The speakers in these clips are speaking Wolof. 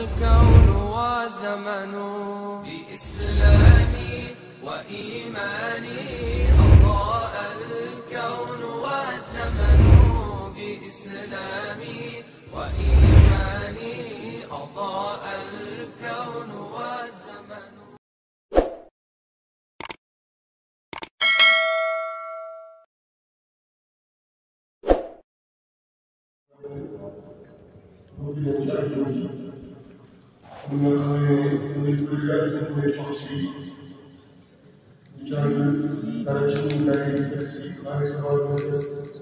الكون وزمن بإسلامي وإيماني أضاء الكون والزمن بإسلامي وإيماني أضاء الكون والزمن Thank you. bunları uygulayacak ve çok şey mücadele tarafının belirtilmesi, arasal belirtilmesi,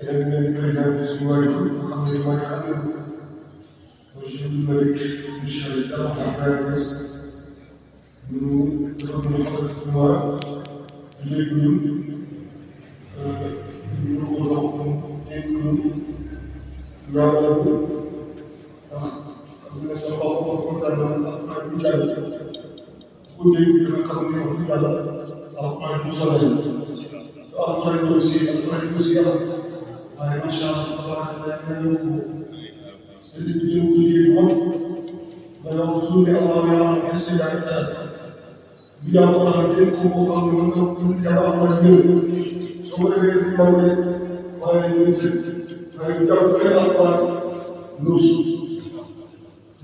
elinden kaynak suları, kandırmak kanı, hoşunları dışarıda ahlaklarımız, bunu kadın hakkında dileğim, bunu uzaktan dileğim, yardım waaye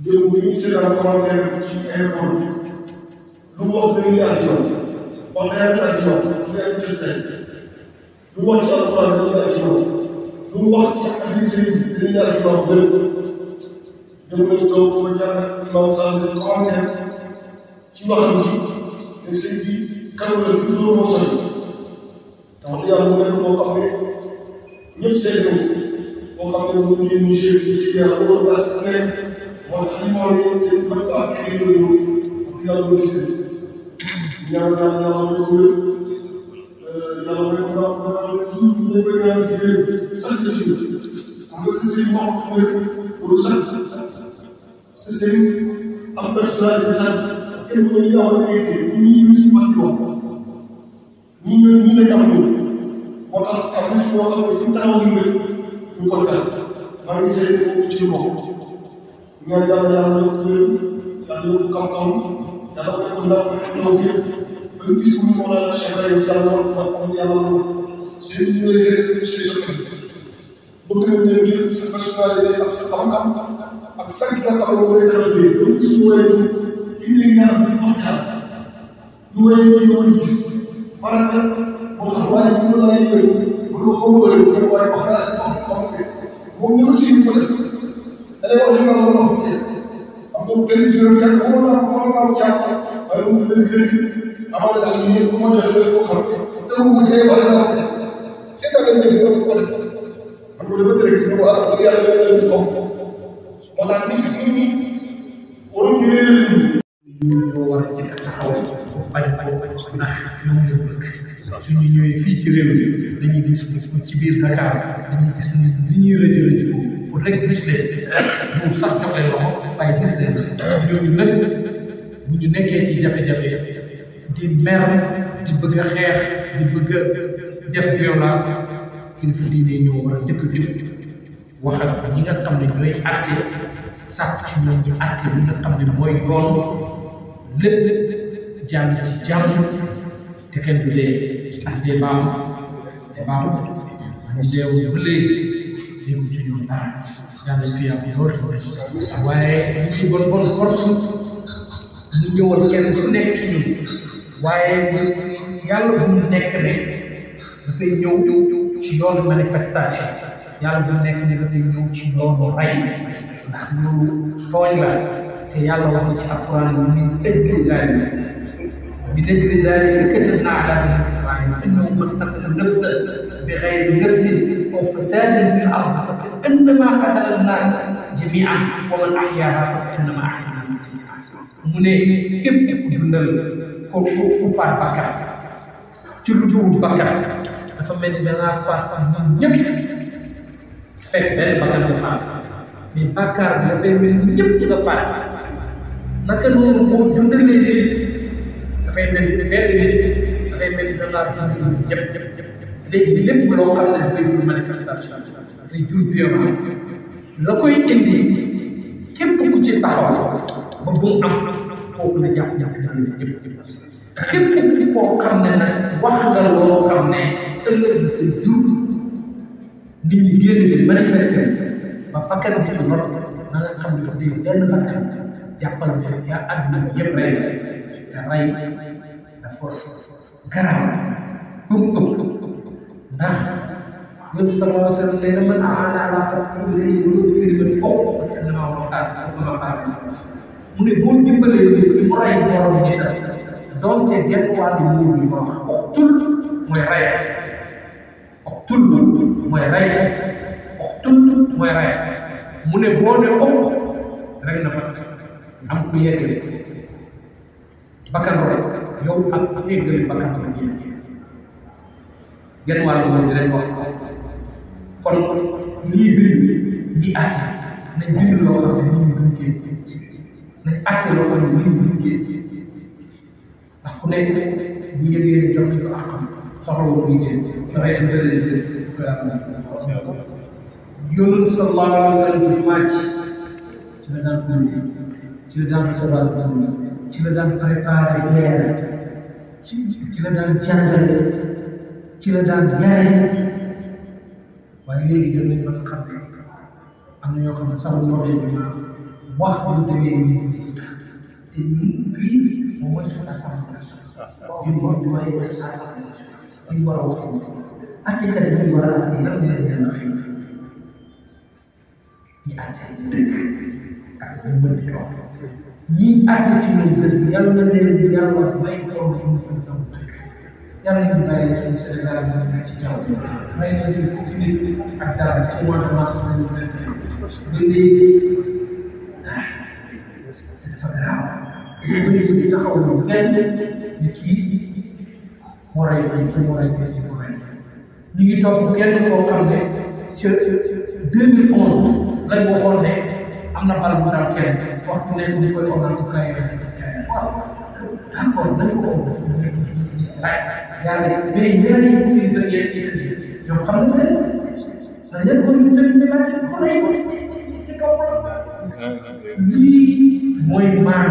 démb bi ñu seetal commentaire ci aéroport bi lu mu wax dañuy daal ci yoon wax dañuy daal ci yoon ñu am tristesse lu mu wax ci alquran dañuy daal ci yoon lu mu wax ci hadith sëriñ dañuy daal ci yoon lépp démb lañ doog ko jàngat imam Sall di commentaire ci waxam ji ne sëñ bi kan la fi dóor moo sori ndax yàlla mu nekk moo xam ne ñëpp seen boo xam ne moom ngeen ñu jéem ci yàlla wala place nekk mooy xam nga woon seen seen faat xëy na ñu yàlla doy seen ñaan ñaan yàlla na ko wér yàlla may ko daal daal toujours bu ñu koy ñaan ci seen wax mooy pour sant si seen am ne yàlla na été ñu si wax wax ñu ñu ñu lay am ñu moo tax am na ci ko tax maa ngi seet ci mbokk nga jàll yàlla yokk wér yàlla yokk xam-xam yàlla yokk ndaw taw bi ba gis bu ñu mën a Cheikh Ibrahima Sall wax wax yàlla moom seen ñu lay seet si sa kër bëgg nañ ne ngir sa personnalité ak sa xam-xam ak sa gis nga taxaw ba sa rajo yi ba gis mu wéy bi ñu lay ñaan di wax yàlla lu wéy bi ñu koy gis farata moo tax waaye bu ñu la lay yëngu bu ñu ko wóoree bu ñu waaye wax naa ko xam-xam moom ñu ko siy fa def teewul ñu ko am ko télévision fekk ko woon naa ko woon naa ko jàpp waaye mu tudd léegi amal daal yéen bu ma joxee ko xam te mu bu dee wala naa ko si nga ko dégg ko ko def man ko dafa dégg ne ko ah ko yàlla yàlla yàlla toog moo tax nit ñi nit ñi waroon ñu leen ñu ñu war a jëkk taxaw bañ bañ bañ ndax ñoom ñu bëgg suñ ñu fii ci réew mi dañuy gis ci biir Dakar dañuy gis ni ñuy rëcc rëcc ko pour rek sax jox loxo waaye gis leen nekkee ci jafe-jafe di mer di bëgg xeex di bëgg def violence kilifa diine ñoo war a njëkk a jóg waxal ñi nga xam ne ñooy àtte sax ci ñoom ñu àtte nga xam ne mooy yoon lépp jaar ci jàmm tekel bile ande baam e baam ndew bile heɓu joñom naa yalla fiya ko yewto waaye ɗi gon gon force ñu ñëwal kenn ku nekk ci ñun waaye yàlla bu mu nekk ne dafay ñëw ci yoonu manifestation yàlla bu mu nekk ne dafay ñëw ci yoonu ray ndax loolu tooñ la te yàlla wax na ci alquran ni min ëddil بنذر ذلك كتبنا على بني إسرائيل أنهم من قتل نفسا بغير نفس أو فساد في الأرض فكأنما قتل الناس جميعا ومن أحياها فكأنما أحيا الناس جميعا mu ne képp képp dundal ko ko ku faat bakkan ci lu duwul bakkan dafa mel ni da ngaa faat ñun ñëpp fekk benn bakkan nga faat mais bakkaar bi dafay mel ni ñëpp ñi nga faat naka noonu boo dundalee dafay la koy indi képp ku ci taxaw ba bu am kooku na jàpp jàpp daan ñëpp képp képp koo xam ne nag wax nga loo xam ne na nga xam ne dafa yow benn bakkan jàppal ne yaa àdduna te rey dafa garaaw bu ëpp ndax yow sallallahu alayhi wa sallam nee na man aana ala rasulillahi wa yuridu ko annama huwa xaar annama xaar mu ne boo dimbalee nit ki mu rey borom ñi tam donte genn wàllu nguur bi ma wax oqtul mooy rey oqtul mooy rey oqtul mooy rey mu ne boo ne oq rek na mat am ku yeete bakkan rek yow ak éggali bakkan ba yéen genn wàllu moom di leen wax kon lii bind ñi àtte nañ bind loo xam ne nit ñi duñ kee nañ àtte loo xam ne nit ñi duñ kee ndax ku nekk bu yëgee jox nañ ko àqam soxlawul duñ kee dafay dem jëlee yonent sallallahu alayhi wa sallam ci la daan ci la daan ci la daan préparé guerre ci ci la daan jàngale ci la daan yare waaye léegi dem nañu ba nga xam ne am na ñoo xam ne sax mu wax wax lu demee nii te ñun fii moom mooy suñu assemblée nationale ñun moom mooy mooy assemblée nationale ñu war a wax attekat dañuy war a àtte yan ngeen leen xëy ñu àtte dëgg ak ñu mën di toog ñi àgg ci ñoom bëri yàlla na leen yàlla may taw bi ñu ko taw yàlla nañu bàyyi ñoom Sénégal yi ci taw may na leen fukki nit ak dara ci mois de mars lañu ba léegi ah dafa garaaw léegi taxaw ñu kenn ni kii moo rey tey kii moo rey tey kii moo rey ñu ngi topp kenn koo xam ne ca ca ca deux mille onze lañ waxoon ne am na barab bu daan kenn waxtu ne ñu koy omal bu kaay waaw d'accord dañu ko omal yàlla mais ñeneen ñi ñu ngi ci yow xam nga ne dañ leen ko ñu dem ñu laaj ko rey ko ci kaw lii mooy maan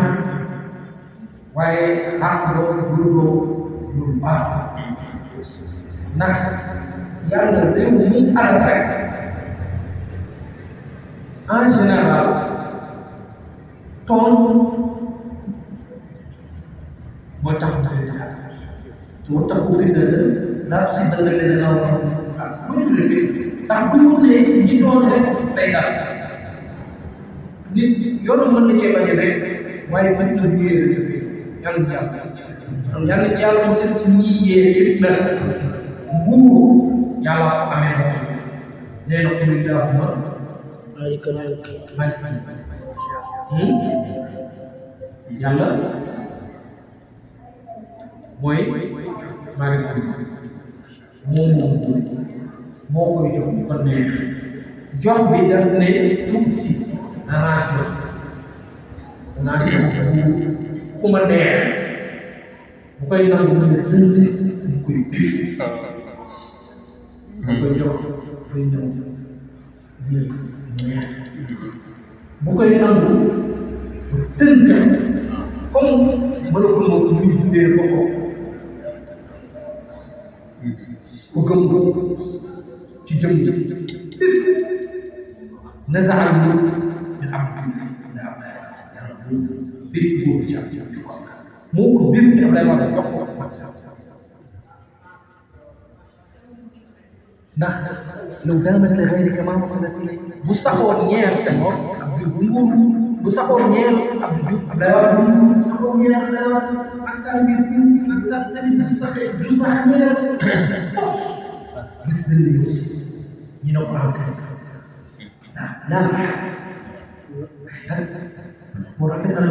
waaye àq loolu gurgoo lu baax ndax yàlla réew mi àll rek en général tontu moo tax mu koy daal moo tax ku fi dëgg daal si dëgg la dina war a bu ñu dëgg ndax bu ñu nee ñi doon rek day daal nit yoonu mën na cee bañ rek waaye mën na yéer yëpp yàlla na yàlla ci yàlla na yàlla mu seen ci ñii yéer yëpp mel buur yàlla amee na مالك الملك yàlla mooy maalil mulk moom moom neex jox bi daf ne tuuti danaa jox danaa neex bu koy nangu mu ne tënsi mu koy bu koy nangu seen seen comme malakul moom mu ngi dundee ba xool ku gëm ci jëm jëm nasaal ñu ñu am tuuf daa daa daa daa moo ko biir Ibrahima jox ko ndax law daamat li xayrika maa wasalat bu saxoon ñeel Senghor ab jur bu nguur bu saxoon ñeel ab jur ab laa bu saxoon ñeel ak sa ak sa tamit daf sax ju sax ñeel gis nañ ñu ne français ah, naan xaat mu rafetal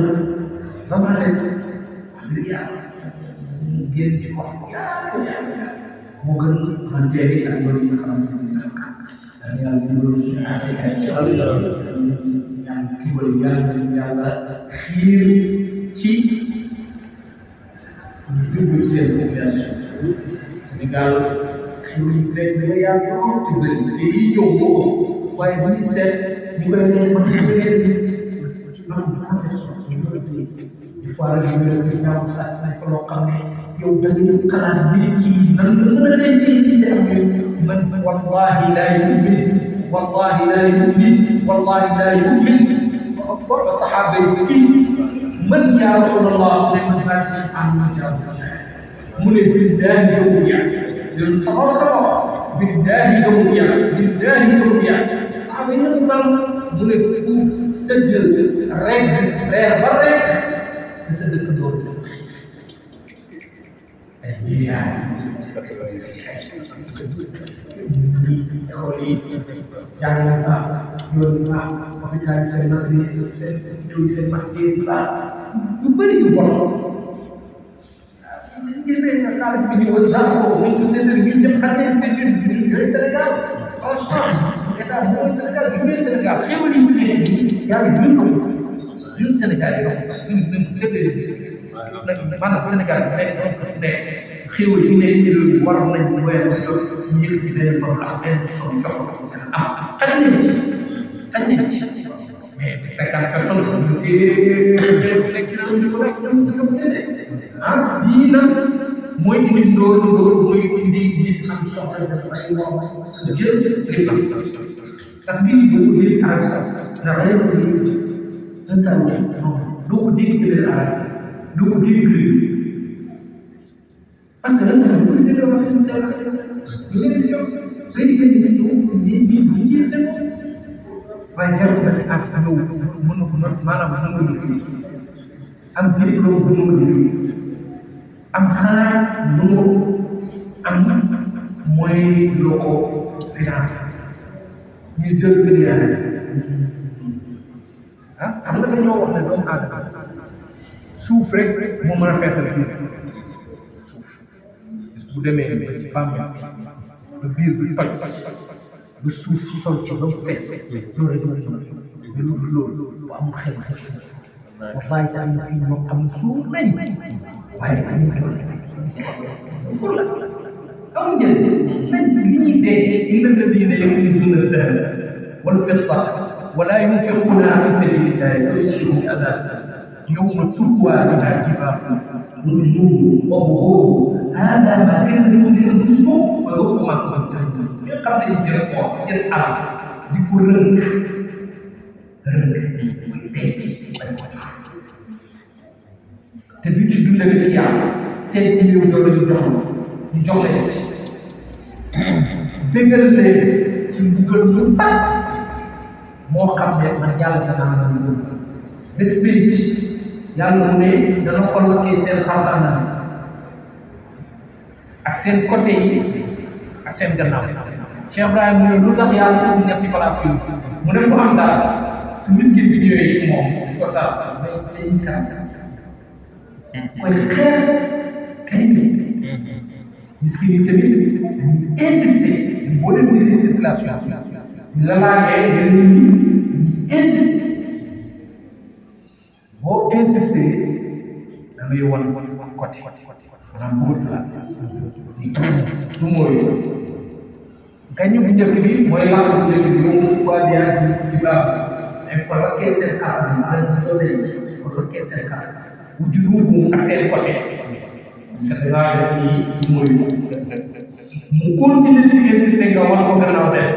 ba mu rafet wax dëgg yàlla ngeen di wax yàlla moo gën frontière yi ak yoon yi nga xamante ni dafa am dañ yàlla dimbalu suñu àttekat yi ñaan jubal yàlla yàlla xiir ci ñu jublu seen situation Sénégal xiir léegi nga yàlla lool te bëri te yi ñëw ñëw ko waaye ba ñu seet ñu koy leen ma ñu leen nit ñu am sensation ñu koy tudd des fois rek ñu leen di ñaaw sax nañ fa loo xam ne yow da ngay xalaat mbir kii nan la mën a dencee ci jafe man wallahi laa yumin wallahi laa yumin wallahi laa yumin ba saxaaba yi kii man yaa rasulallah ne man laa ci am ci jaamu mu ne billahi yow yaa yow sama sama billahi yow yaa billahi yow yaa saxaaba yi ñu bal mu ne ku tëjjal rek reer ba rek sa dëkk doon jangan pak, yun pak, pembicaraan senior di tulisan makin pak, kembali juga. Mungkin kalau sebiji besar, mungkin sendiri minjem kalian sendiri dari Senegal, Australia, kita dari Senegal, dari Senegal, siapa yang punya yang dulu ñun Sénégal yi ñun même maanaam Sénégal yi day doon mais xéw yi ne ci réew mi waroon nañ wéyal jot ñu yëg ñu benn bopp la benn son jox am xaj nañ ci xaj nañ ci mais cinquante personnes ñu nekk ñu ko rek ñoom ah lii nag mooy indi ndóor ndóor mooy indi nit am soxla def ay wàll jël lépp ndax mbir yi boobu léegi arab sax ndax 250 doo ko dégg ci biir arab doo ko dégg parce que lan mooy bu ñu demee wax seen seen seen léegi yow léegi léegi dañu ko nii nii nii yéen seen seen waaye jarul nga ne ah ñëw mën ko maanaam mën nga fi am diplôme bu nga fi am xalaat bu nga am mooy loo ko financé ñu jël ah xam nga dañoo wax ne doomu aadama suuf rek moo mën a feesal biir suuf bu demee ba ci bàmmeel ba biir bi toj ba suuf si sol ci ba mu fees loolu rek mën na fees mais lu dul loolu bu amul xel te suuf ba bàyyi te am na fii ñoom am suuf lañ waaye am na doole pour la am njëriñ nañ li ñuy denc li nga ne yëpp ni suñu wala fekk ولا ينفقنا في سبيل الله فيشفي اذى يوم تكوى بها الجبال وجنوب وظهور هذا ما كنزكم لانفسكم ويوم ما كنتم في قبل الجرقوع في الارض ديكو رنك rënd muy denc bañ ko jox te duñ ci dundale ci yàlla seen million doole ñu jox ñu jox leen ci dëggal leen ci mbugal lu tàkk moo xam ne man yàlla dinaa am lu mu bés pénc yàlla mu ne dana convoqué seen xam-xam ak seen côté yi ak seen gannaaw Cheikh Ibrahima mu ne lu tax yàlla tudd ñetti place yooyu mu ne ko am dara su miskin bi ñëwee ci moom di ko sax may tey kanam koy xeer kañ miskin yi tamit ñu insisté ñu boole miskin circulation di la laajee ngeen ñu insister boo insister da ngay wan wan wan côté maanaam bëggatu laa gis du mooy gañu bu njëkk bi mooy làmb bu njëkk bi moom di ak ci baax mais colloquer seen carte maanaam ñu doon leen ci colloquer seen carte bu juróom ak seen côté parce que da ngaa def nii du mooy mu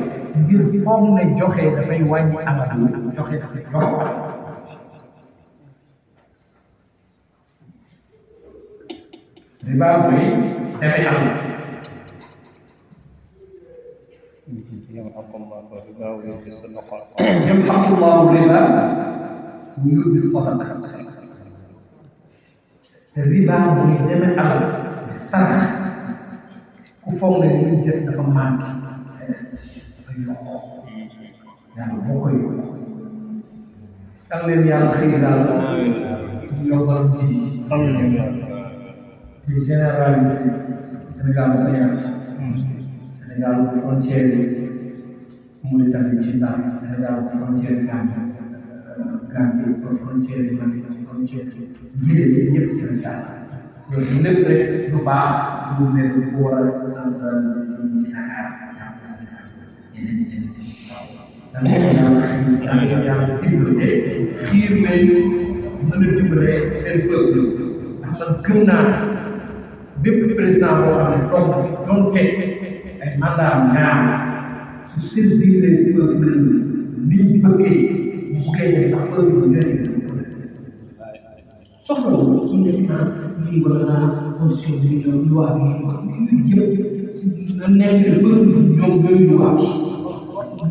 ngir foog ne joxe dafay wàññi alal joxe dafay yokk alal riba mooy demee alal yamhaqu llahu riba wa yurbi sadaqat yamhaqu llahu riba wa yurbi sadaqat riba mooy demee alal sarax ku foog ne li ñu def dafa màndi yàlla boo ko yóbbu yàlla leen yàlla xëy daal yombal bi xam nga te généraliste Sénégal bu yaatu Sénégal bu frontière yi Mauritanie ci ndax Sénégal bu frontière Gambie Gambie bu frontière yi Mali frontière yi ñëpp Sénégal loolu lépp rek lu baax lu mel bu war a centraliser ci Dakar da ngay yàlla dimbale xiir nañ mën a dimbale seen fël ndax man gëm naa bépp président boo xam ne toog na fi doon teg ay mandat ñaar su servir les peuples nit ñi bëggee mu koy def sax peuple bi ngeen di soxla wu ñu nekk naa lii wala constitution bi ñoom loi bi wax yëpp nga nekk lu ñoom ñooy dugal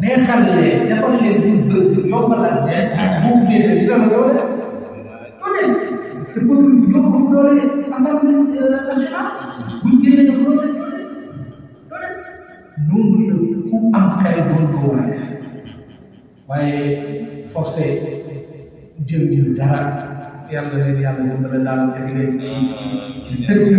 neexal leen defal leen di bëgg yombalal leen moom génne dina la doole doole te pour yokk doole assemblée nationale buñ génne dafa doole doole doole noonu la ku am xel doon ko war a def waaye forcé jël jël dara yàlla leen yàlla yombalal daal teg leen ci ci ci tëgg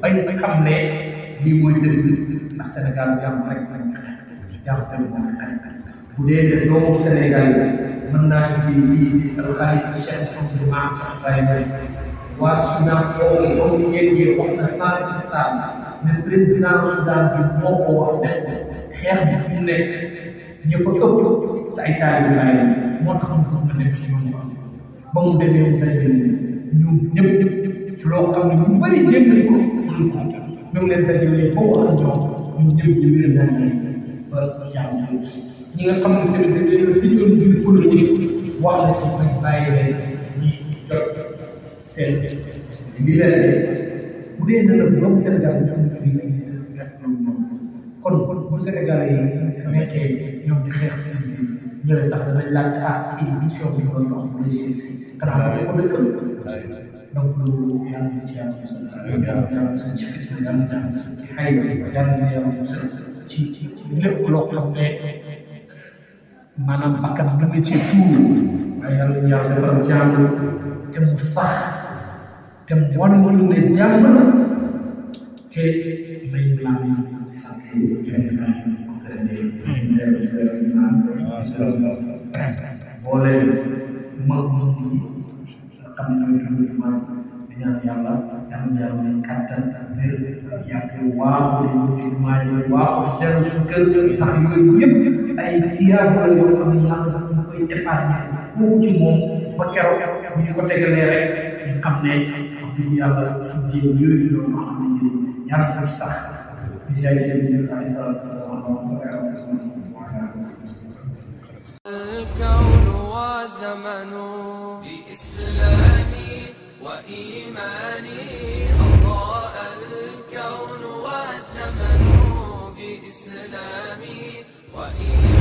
bañ xam ne lii mooy dëgg ndax Sénégal jàmm rek lañ fi xeex jàmm rek lañ fi xeex bu dee ne doomu Sénégal yi mën naa jógee lii alxalifa Cheikh Ahmadou Maam Cheikh Baye Niass waa Soudan foofu comme ngeen di wax na sans saal mais président Soudan bi moo ko wax ne xeex bi fu mu nekk ñu fa ëpp sa ay taalibe Baay moo tax ñu ko nekk ci ñoom ba mu demee mu dajale ñu ñëpp ñëpp ci loo xam ne ñu bëri jéem nañ ko mënul ko ñu ngi leen dajale ba mu am ñoom ñu jëm ñu mën a ba jàmm ñi nga xam ne tamit dañu leen di doon jur politique wax la ci bàyyi leen ñi jot seen liberté bu dee na nag ñoom Sénégal ñoom ñu ngi kon kon bu Sénégal yi nekkee ñoom di xeex seen seen ñële sax danañ laaj ah kii mission bi doon si xanaa ko ko dëkkal donc loolu yàlla na ci yàlla musal yàlla na ci fitna yàlla na musal ci xayma yàlla na ci ci lépp loo xam ne maanaam na yàlla defal jàmm te mu sax te mu wan ma lu ne jàmm la te may laa sant boole mag ñi nga xam ne ñooy dund jumaa di ñaan yàlla ñaan yàlla may kattan ak wér yàgg waaxu di dund jumaa yi waaxu seetlu su kër ndax yooyu yëpp ay tiyaaba la yoo xam ne yàlla dafa ñu koy épargné foofu ci moom ba keroog bu ñu ko tegalee rek ñu xam ne wax dëgg yàlla suñu jéem yooyu loolu xam ne yàlla sax الكون وزمن بإسلامي وإيماني أضاء الكون وزمن بإسلامي وإيماني